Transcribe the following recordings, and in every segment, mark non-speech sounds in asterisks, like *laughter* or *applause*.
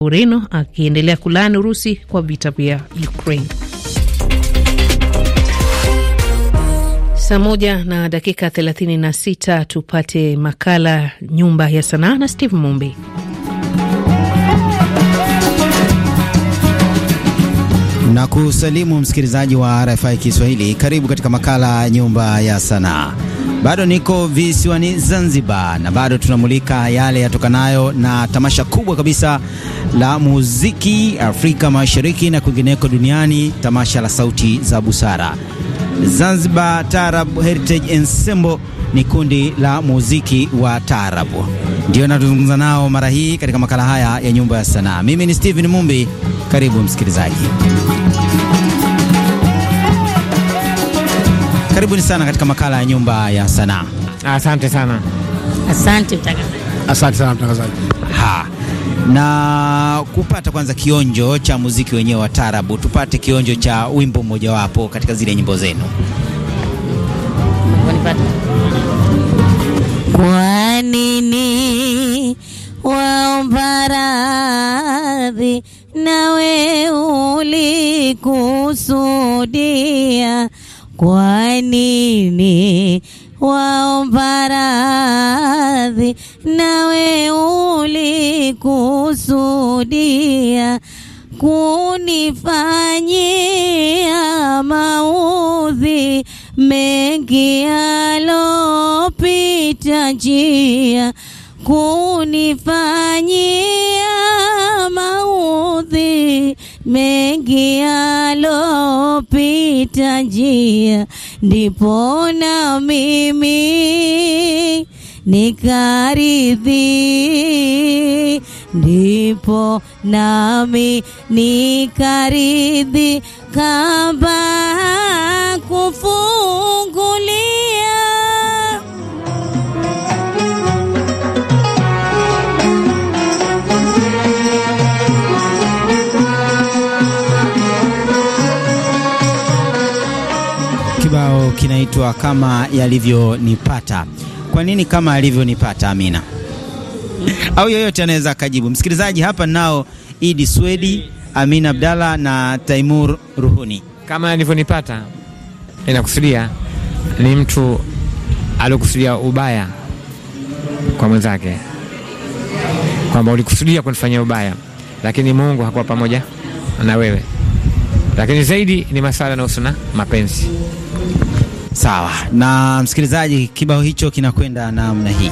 Ureno akiendelea kulaani Urusi kwa vita vya Ukraine. Saa moja na dakika 36, tupate makala Nyumba ya Sanaa na Steve Mumbi. Na kusalimu msikilizaji wa RFI Kiswahili, karibu katika makala Nyumba ya Sanaa. Bado niko visiwani Zanzibar na bado tunamulika yale yatokanayo na tamasha kubwa kabisa la muziki Afrika Mashariki na kwingineko duniani, tamasha la Sauti za Busara. Zanzibar Tarab Heritage Ensemble ni kundi la muziki wa taarabu, ndio natuzungumza nao mara hii katika makala haya ya Nyumba ya Sanaa. Mimi ni Steven Mumbi, karibu msikilizaji. Karibuni sana katika makala ya Nyumba ya Sanaa. Asante sana. Asante mtangazaji. Asante sana mtangazaji. Ha. Na kupata kwanza kionjo cha muziki wenyewe wa tarabu, tupate kionjo cha wimbo mmojawapo katika zile nyimbo zenu. Kwa nini waomba radhi, nawe ulikusudia kwa nini waomba radhi, nawe ulikusudia kunifanyia maudhi mengi yalopita njia, kunifanyia maudhi mengi alopita njia, ndipo na mimi nikaridhi, ndipo nami nikaridhi, kamba kufunguli yanaitwa Kama Yalivyonipata. Kwa nini kama yalivyonipata Amina au yoyote anaweza akajibu. Msikilizaji hapa nao, Idi Swedi, Amina Abdalla na Taimur Ruhuni. Kama alivyonipata inakusudia ni mtu aliokusudia ubaya kwa mwenzake, kwamba ulikusudia kunifanyia ubaya, lakini Mungu hakuwa pamoja na wewe. Lakini zaidi ni masala yanahusu na mapenzi. Sawa na msikilizaji, kibao hicho kinakwenda namna hii.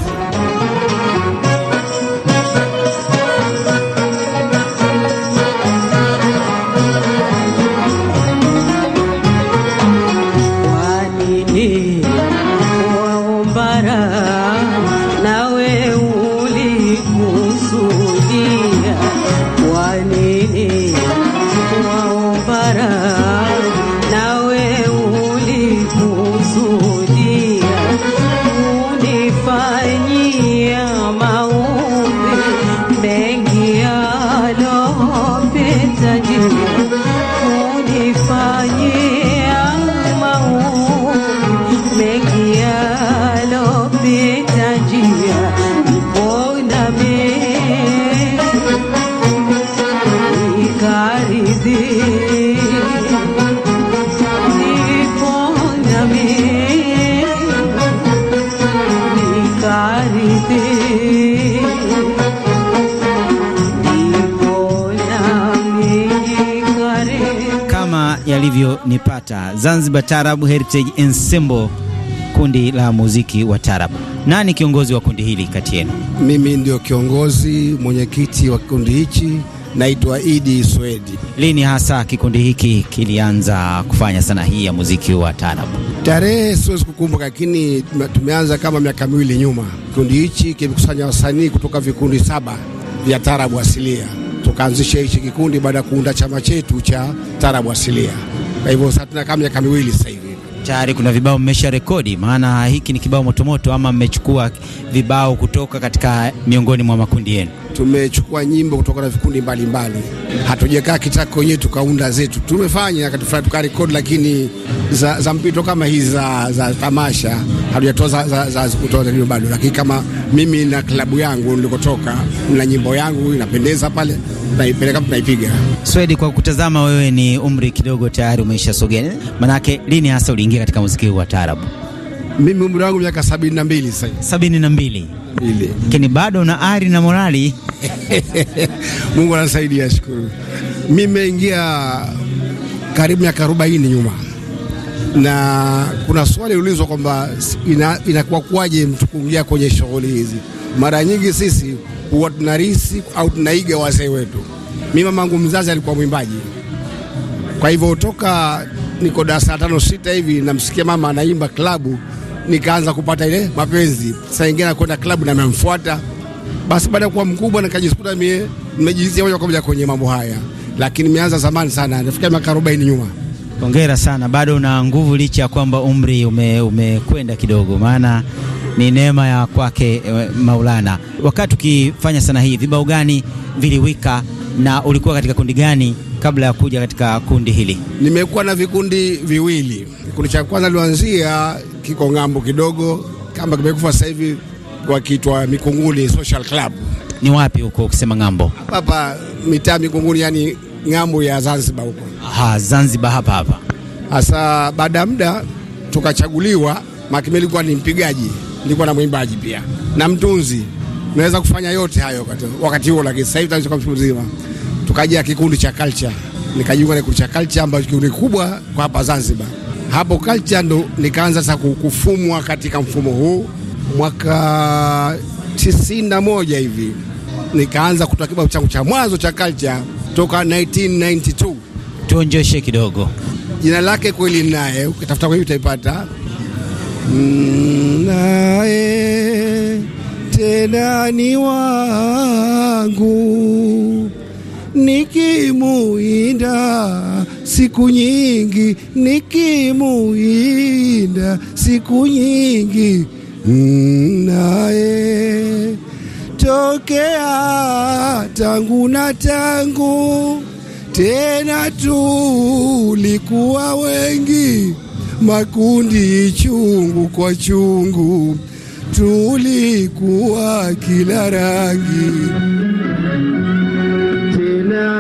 kama yalivyonipata Zanzibar Tarab Heritage Ensemble, kundi la muziki wa tarab. Nani kiongozi wa kundi hili kati yenu? Mimi ndio kiongozi mwenyekiti wa kikundi hichi naitwa Idi Swedi. Lini hasa kikundi hiki kilianza kufanya sanaa hii ya muziki wa taarab? Tarehe siwezi kukumbuka, lakini tumeanza kama miaka miwili nyuma. Kikundi hichi kimekusanya wasanii kutoka vikundi saba vya taarabu asilia, tukaanzisha hichi kikundi baada ya kuunda chama chetu cha taarabu asilia. Kwa hivyo sasa tuna kama miaka miwili sasa hivi tayari kuna vibao mmesha rekodi? Maana hiki ni kibao motomoto, ama mmechukua vibao kutoka katika miongoni mwa makundi yenu? tumechukua nyimbo kutoka na vikundi mbalimbali, hatujakaa kitako wenyewe tukaunda zetu. Tumefanya wakati fulani tukarekodi, lakini za, za mpito kama hizi za, za tamasha hatujatoa za, za, za, kutoa hiyo bado. Lakini kama mimi na klabu yangu nilikotoka na nyimbo yangu inapendeza pale, naipeleka tunaipiga. Swedi, kwa kutazama wewe ni umri kidogo tayari umeisha sogea, manake lini hasa uliingia katika muziki huu wa taarabu? Mimi umri wangu miaka sabini na mbili sasa. sabini na mbili lakini bado na ari na morali *laughs* Mungu anasaidia, shukuru. Mimi nimeingia karibu miaka arobaini nyuma, na kuna swali ulizwa kwamba inakuwa kuwaje mtu kuingia kwenye shughuli hizi. Mara nyingi sisi huwa tunarisi au tunaiga wazee wetu. Mimi mamangu mzazi alikuwa mwimbaji, kwa hivyo toka niko darasa tano sita hivi namsikia mama anaimba klabu nikaanza kupata ile mapenzi. Saa ingine nakwenda klabu na Basi baada ya kuwa mkubwa nikajikuta mie nimejizia moja kwa moja kwenye mambo haya, lakini nimeanza zamani sana, nafikia miaka arobaini nyuma. Hongera sana, bado una nguvu licha ya kwamba umri umekwenda ume kidogo, maana ni neema ya kwake eh, Maulana. Wakati ukifanya sana hii, vibao gani viliwika na ulikuwa katika kundi gani kabla ya kuja katika kundi hili? Nimekuwa na vikundi viwili. Kikundi cha kwanza lianzia kiko ng'ambo kidogo, kama kimekufa sasa hivi, wakiitwa Mikunguni Social Club. Ni wapi huko ukisema ng'ambo? Hapa hapa mitaa Mikunguni, yani ng'ambo ya Zanzibar huko. Aha, Zanzibar hapa hapa. Sasa baada ya muda tukachaguliwa, makimi ilikuwa ni mpigaji, nilikuwa na mwimbaji pia na mtunzi naweza kufanya yote hayo wakati huo, lakini sasa hivi tunachukua mtu mzima. Tukaja kikundi cha culture, nikajiunga na kikundi cha culture ambacho kikundi kubwa kwa hapa Zanzibar. Hapo culture ndo nikaanza sasa kufumwa katika mfumo huu mwaka tisini na moja hivi nikaanza kutoa kibao changu cha mwanzo cha culture toka 1992 tuonjeshe kidogo jina lake kweli, mm, naye ukitafuta kwenye utaipata naye mm, tena ni wangu, nikimuinda siku nyingi, nikimuinda siku nyingi, naye tokea tangu na tangu tena tulikuwa wengi, makundi chungu kwa chungu tulikuwa kila rangi tena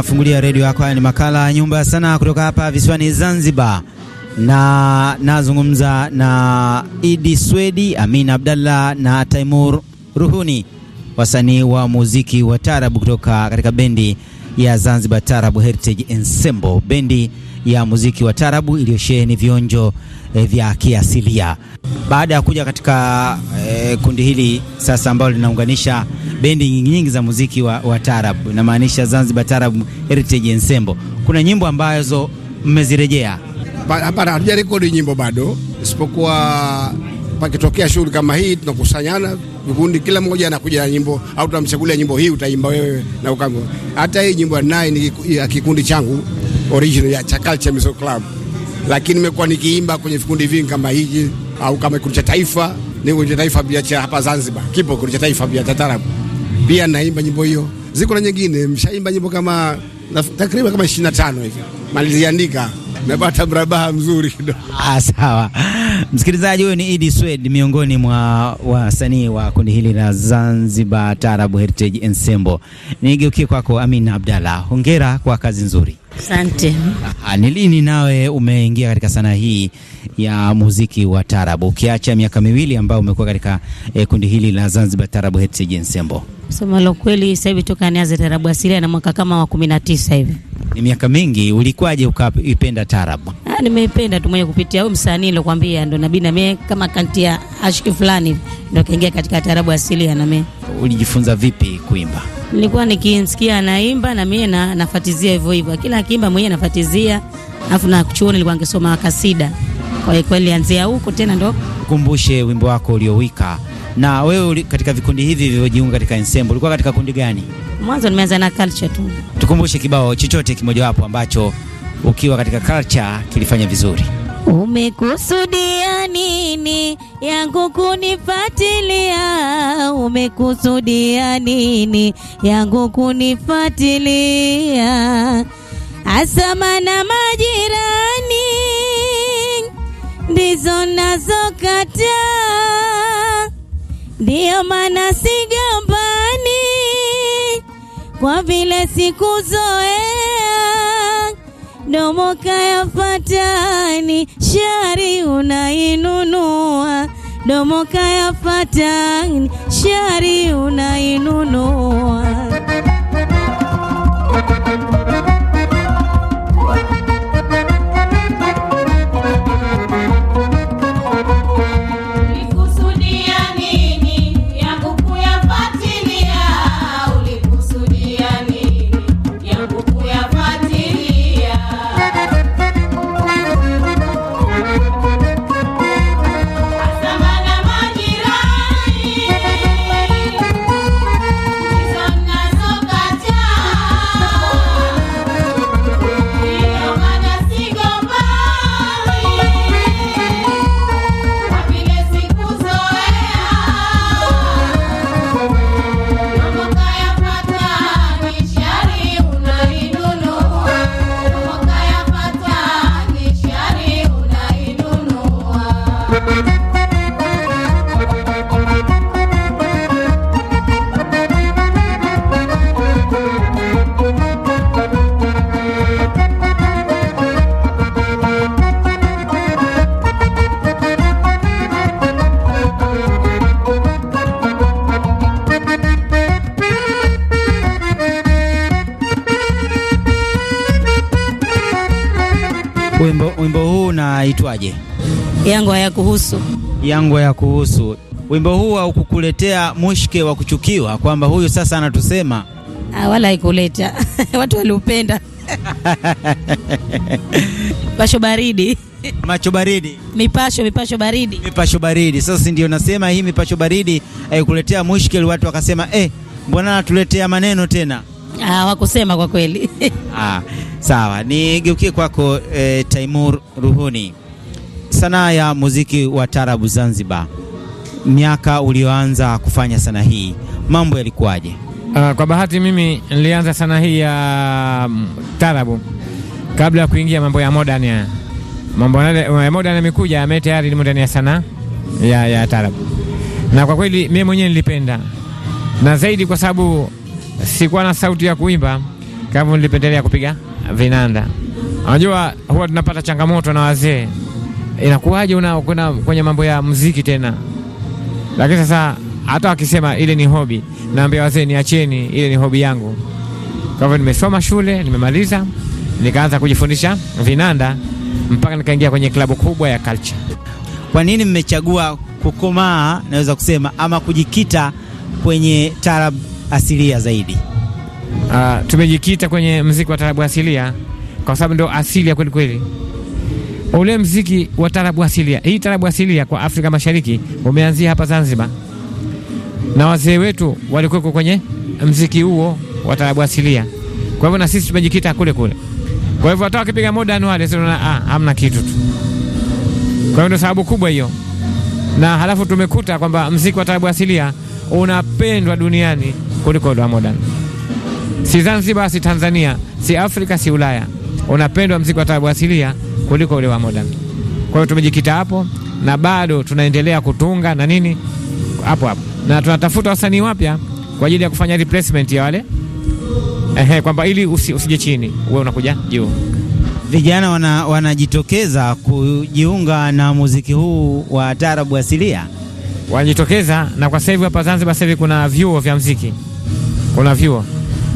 unafungulia redio yako. Haya ni makala ya Nyumba ya Sanaa kutoka hapa visiwani Zanzibar, na nazungumza na Idi Swedi, Amin Abdallah na Taimur Ruhuni, wasanii wa muziki wa tarabu kutoka katika bendi ya Zanzibar Tarabu Heritage Ensemble bendi ya muziki wa tarabu iliyosheheni vionjo e, vya kiasilia. Baada ya kuja katika e, kundi hili sasa ambalo linaunganisha bendi nyingi za muziki wa, wa tarabu, inamaanisha Zanzibar Tarabu Heritage Ensemble, kuna nyimbo ambazo mmezirejea? Hapana, hatujarekodi nyimbo bado, isipokuwa pakitokea shughuli kama hii tunakusanyana vikundi, kila mmoja anakuja na nyimbo au tunamchagulia nyimbo, hii utaimba wewe na ukango. Hata hii nyimbo naye ni ya kikundi changu original ya Chakal Culture Club, lakini nimekuwa nikiimba kwenye vikundi vingi kama hiki au kama kikundi cha taifa. Ni kikundi cha taifa pia cha hapa Zanzibar, kipo kikundi cha taifa pia cha tarabu, pia naimba nyimbo hiyo. Ziko na nyingine mshaimba nyimbo kama takriban kama 25 hivi maliziandika Mepata mrabaha mzuri kidogo. *laughs* Ah, sawa. Msikilizaji, huyo ni Idi Swed, miongoni mwa wasanii wa, wa kundi hili la Zanzibar Tarabu Heritage Ensemble. Nigeukie kwako Amina Abdalla, hongera kwa kazi nzuri. Asante. Ah, ni lini nawe umeingia katika sanaa hii ya muziki wa tarabu, ukiacha miaka miwili ambayo umekuwa katika eh, kundi hili la Zanzibar Tarabu Heads Ensemble? Kusema la kweli, sasa hivi toka nianze tarabu asili na mwaka kama wa 19 hivi ni miaka mingi. ulikwaje ukaipenda tarabu? Ah, nimeipenda tu mwenye kupitia huyu msanii nilokuambia, ndo nabii na mimi kama kanti ya ashiki fulani ndo kaingia katika tarabu asili Na mimi ulijifunza vipi kuimba? Nilikuwa nikimsikia anaimba na mimi na nafuatizia hivyo hivyo, kila akiimba mwenyewe nafuatizia. afu na chuoni nilikuwa nikisoma kasida kwa kweli anzia huko tena ndo kumbushe wimbo wako uliowika. Na wewe katika vikundi hivi vilivyojiunga katika ensemble ulikuwa katika kundi gani? Mwanzo nimeanza na culture tu. Tukumbushe kibao chochote kimojawapo ambacho ukiwa katika culture kilifanya vizuri. Umekusudia nini yangu kunifatilia? Umekusudia nini yangu kunifatilia? Asama na majirani ndizo nazokata ndiyo maana sigombani, kwa vile sikuzoea, domo kayafatani, shari unainunua, domo kayafatani, shari unainunua Wimbo, wimbo huu unaitwaje? Yangu hayakuhusu. Yangu hayakuhusu. Wimbo huu haukukuletea mushke wa kuchukiwa kwamba huyu sasa anatusema? Ah, wala haikuleta *laughs* watu waliupenda *laughs* pasho baridi macho baridi, mipasho mipasho baridi, mipasho baridi. Sasa ndio nasema hii mipasho baridi haikuletea mushkeli, watu wakasema eh, mbona natuletea maneno tena? hawakusema kwa kweli. *laughs* Ah, sawa, nigeukie kwako e, Taimur Ruhuni. Sanaa ya muziki wa tarabu Zanzibar, miaka ulioanza kufanya sanaa hii mambo yalikuwaje? Uh, kwa bahati mimi nilianza sanaa hii ya mm, tarabu kabla ya kuingia mambo ya modern ya mambo ya modern yamekuja yame tayari ni modern ya sanaa ya, ya tarabu, na kwa kweli mimi mwenyewe nilipenda na zaidi kwa sababu sikuwa na sauti ya kuimba, kama nilipendelea kupiga vinanda. Unajua huwa tunapata changamoto na wazee, inakuwaje unakwenda kwenye mambo ya muziki tena, lakini sasa hata wakisema ile ni hobi, naambia wazee, niacheni, ile ni hobi yangu. Kwa hivyo nimesoma shule, nimemaliza, nikaanza kujifundisha vinanda mpaka nikaingia kwenye klabu kubwa ya Culture. Kwa nini mmechagua kukomaa, naweza kusema ama kujikita kwenye taarabu asilia zaidi. Uh, tumejikita kwenye mziki wa tarabu asilia kwa sababu ndo asili ya kweli kweli ule mziki wa tarabu asilia. Hii tarabu asilia kwa Afrika Mashariki umeanzia hapa Zanzibar, na wazee wetu walikuwa kwenye mziki huo wa tarabu asilia. Kwa hivyo na sisi tumejikita kule kule. Kwa hivyo hata wakipiga modern wale tunaona ah, hamna kitu tu. Kwa hivyo sababu kubwa hiyo, na halafu tumekuta kwamba mziki wa tarabu asilia unapendwa duniani kuliko wa Modern. Si Zanzibar, si Tanzania, si Afrika, si Ulaya unapendwa mziki wa taarabu asilia kuliko ule wa modern. Kwa hiyo tumejikita hapo na bado tunaendelea kutunga na nini hapo hapo, na tunatafuta wasanii wapya kwa ajili ya kufanya replacement ya wale ehe, kwamba ili usi, usije chini uwe unakuja juu. Vijana wana, wanajitokeza kujiunga na muziki huu wa taarabu asilia, wanajitokeza. Na kwa sasa hivi hapa Zanzibar, sasa hivi kuna vyuo vya mziki kuna vyuo.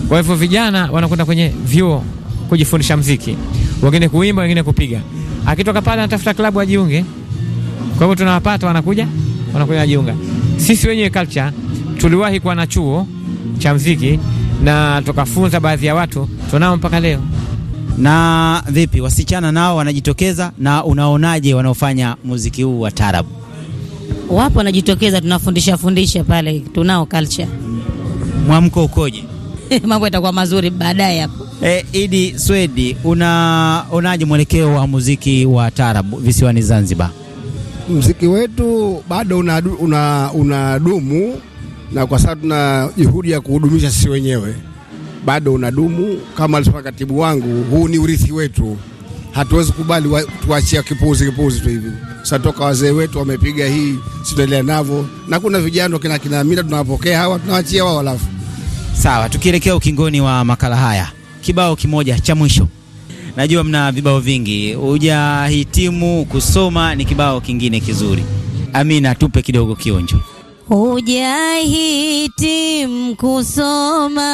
Kwa hivyo vijana wanakwenda kwenye vyuo kujifundisha mziki, wengine kuimba, wengine kupiga. Akitoka pale anatafuta klabu ajiunge. Kwa hivyo tunawapata, wanakuja wanakuja najiunga. Sisi wenyewe culture tuliwahi kuwa na chuo cha mziki na tukafunza baadhi ya watu, tunao mpaka leo. Na vipi, wasichana nao wanajitokeza? Na unaonaje wanaofanya muziki huu wa tarabu? Wapo wanajitokeza, tunafundisha fundisha pale, tunao culture mwamko ukoje? *laughs* mambo yatakuwa mazuri baadaye hapo. Eh, Idi Swedi, unaonaje mwelekeo wa muziki wa tarabu visiwani Zanzibar? Mziki wetu bado unadumu una, una na kwa sababu tuna juhudi ya kuhudumisha sisi wenyewe, bado unadumu kama alisema katibu wangu, huu ni urithi wetu, hatuwezi kubali wa, tuachia kipuzi kipuuzi tu hivi. toka wazee wetu wamepiga hii, tunaendelea navyo, na kuna vijana kina kina Amina tunawapokea hawa, tunawachia wao alafu Sawa, tukielekea ukingoni wa makala haya, kibao kimoja cha mwisho. Najua mna vibao vingi, hujahitimu kusoma, ni kibao kingine kizuri. Amina, tupe kidogo kionjo. Hujahitimu kusoma,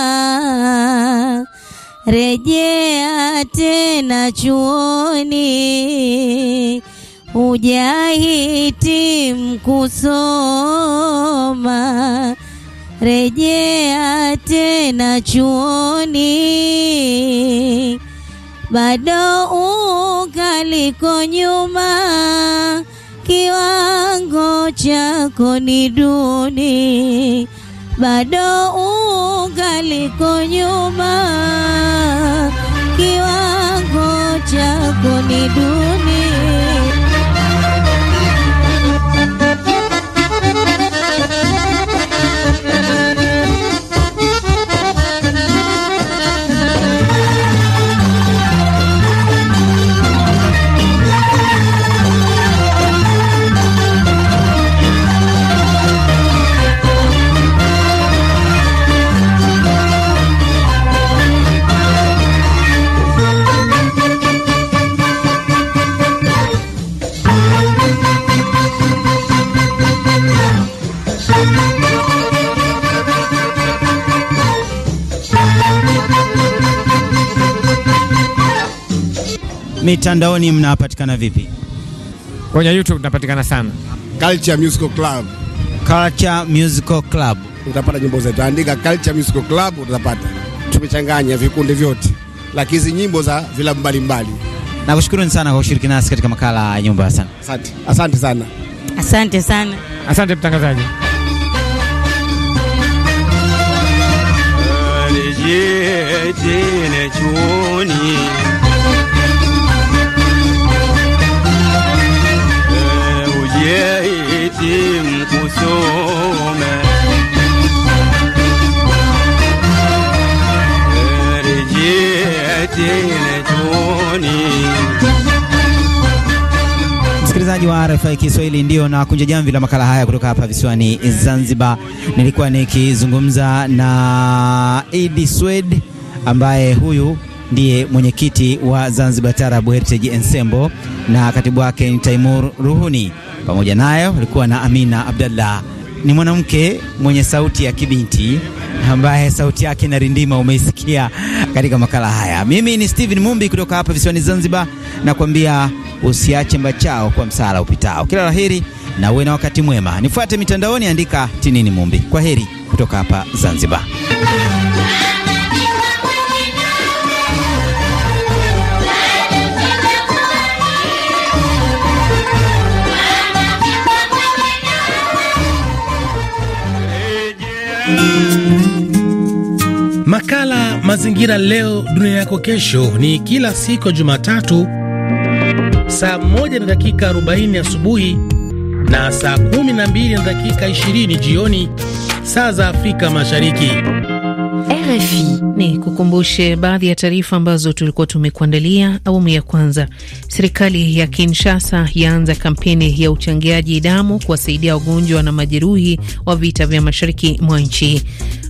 rejea tena chuoni. Hujahitimu kusoma rejea tena chuoni, bado ukaliko nyuma, kiwango chako ni duni, bado ukaliko nyuma, kiwango chako ni duni. mitandaoni mnapatikana vipi? Kwenye YouTube tunapatikana sana Culture Musical Club. Culture Musical Club utapata nyimbo zetu, andika Culture Musical Club utapata. Tumechanganya vikundi vyote, lakini hizi nyimbo za vilabu mbalimbali. Nakushukuruni sana kwa kushiriki nasi katika makala ya nyumba. Asante, asante, asante sana, asante sana, asante mtangazaji. Msikilizaji wa RFI Kiswahili, ndio na kunja jamvi la makala haya kutoka hapa visiwani Zanzibar. Nilikuwa nikizungumza na Idi Swed ambaye huyu ndiye mwenyekiti wa Zanzibar Tarabu Heritage Ensemble na katibu wake ni Taimur Ruhuni. Pamoja nayo alikuwa na Amina Abdallah, ni mwanamke mwenye sauti ya kibinti ambaye sauti yake inarindima, umeisikia katika makala haya. Mimi ni Steven Mumbi kutoka hapa visiwani Zanzibar, na kuambia usiache mbachao kwa msala upitao. Kila laheri na uwe na wakati mwema. Nifuate mitandaoni, andika Tinini Mumbi. Kwa heri kutoka hapa Zanzibar. Makala Mazingira Leo Dunia Yako Kesho ni kila siku ya Jumatatu saa moja na dakika 40 asubuhi na saa 12 na dakika 20 jioni saa za Afrika Mashariki. RFI ni kukumbushe baadhi ya taarifa ambazo tulikuwa tumekuandalia awamu ya kwanza. Serikali ya Kinshasa yaanza kampeni ya uchangiaji damu kuwasaidia wagonjwa na majeruhi wa vita vya mashariki mwa nchi.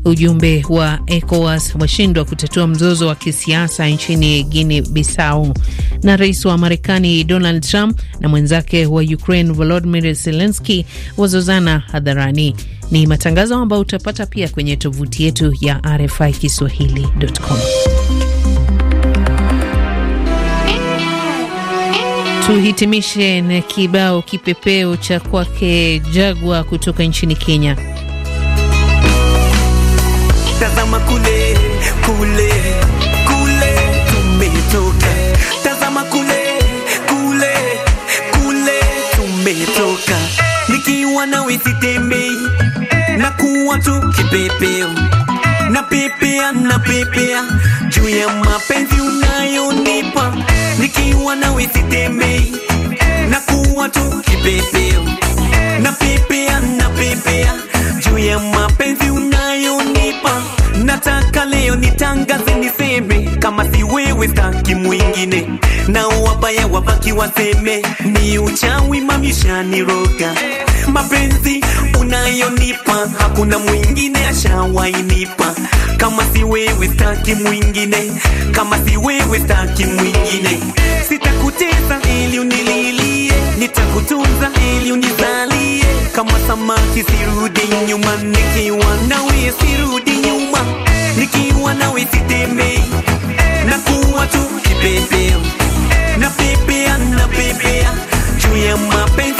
Ujumbe wa ECOWAS washindwa kutatua mzozo wa kisiasa nchini Guinea Bissau. Na rais wa Marekani Donald Trump na mwenzake wa Ukraine Volodymyr Zelensky wazozana hadharani. Ni matangazo ambayo utapata pia kwenye tovuti yetu ya RFI Kiswahili.com. Tuhitimishe na kibao kipepeo cha kwake Jagwa kutoka nchini Kenya. Tazama kule kule kuwa tu pipia na pipia juu ya mapenzi unayonipa nikiwa nawe sitemei na kuwa tu kipipio na pipia na pipia juu ya mapenzi unayonipa nataka leo nitangaze niseme kama si wewe staki mwingine na wabaya wabaki waseme ni uchawi mamishani roga hey mapenzi unayonipa hakuna mwingine ashawainipa kama si wewe staki mwingine kama si wewe staki mwingine sitakuteza ili unililie nitakutunza ili unizalie kama samaki sirudi nyuma nikiwa nawe sirudi nyuma nikiwa nawe sitembei kuwa tu kipepeo na napepea napepea juu ya mapenzi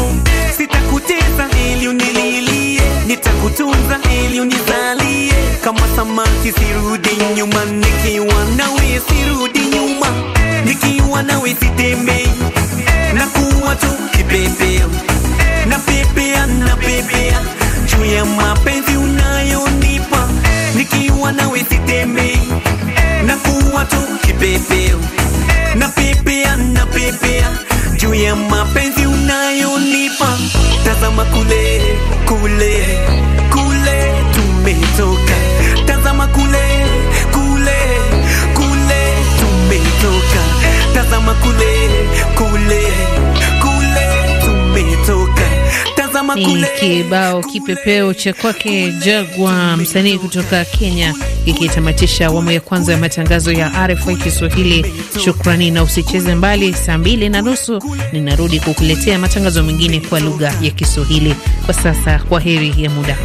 sitakuteza ili unililie, nitakutunza ili unizalie, kama samaki sirudi nyuma, nikiwa nawe sirudi nyuma, nikiwa nawe sitembei, kuwa tu kipepeo, na pepea juu ya mapenzi unayonipa, nikiwa nawe sitembei, kuwa tu kipepeo, napepea napepea juu ya mapenzi taifa, tazama kule kule kule tumetoka, tazama kule kule kule tumetoka, tazama kule kule ni kibao kipepeo cha kwake Jagwa, msanii kutoka Kenya, ikitamatisha awamu ya kwanza ya matangazo ya RFI Kiswahili. Shukrani na usicheze mbali. Saa mbili na nusu ninarudi kukuletea matangazo mengine kwa lugha ya Kiswahili. Kwa sasa, kwa heri ya muda.